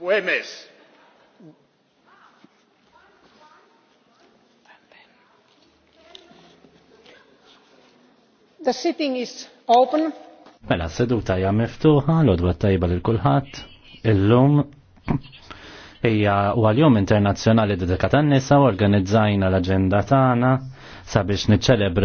poemes. The sitting is open. Mela seduta hija miftuħa, l-odwa tajba lil kulħadd. Illum hija u għal-jum internazzjonali dedikat għan-nisa organizzajna l-aġenda tagħna sabiex niċċelebra